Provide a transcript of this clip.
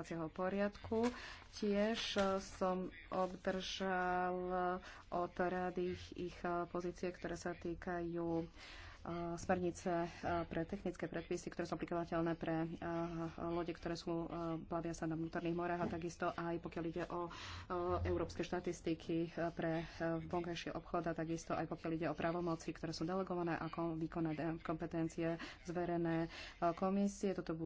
vyšetrovacieho poriadku. Tiež e, som obdržal e, od rady ich e, pozície, ktoré sa týkajú smernice pre technické predpisy, ktoré sú aplikovateľné pre lode, ktoré sú plavia sa na vnútorných morách a takisto aj pokiaľ ide o európske štatistiky pre vonkajšie obchod a takisto aj pokiaľ ide o právomoci, ktoré sú delegované ako výkonné kompetencie zverené komisie. Toto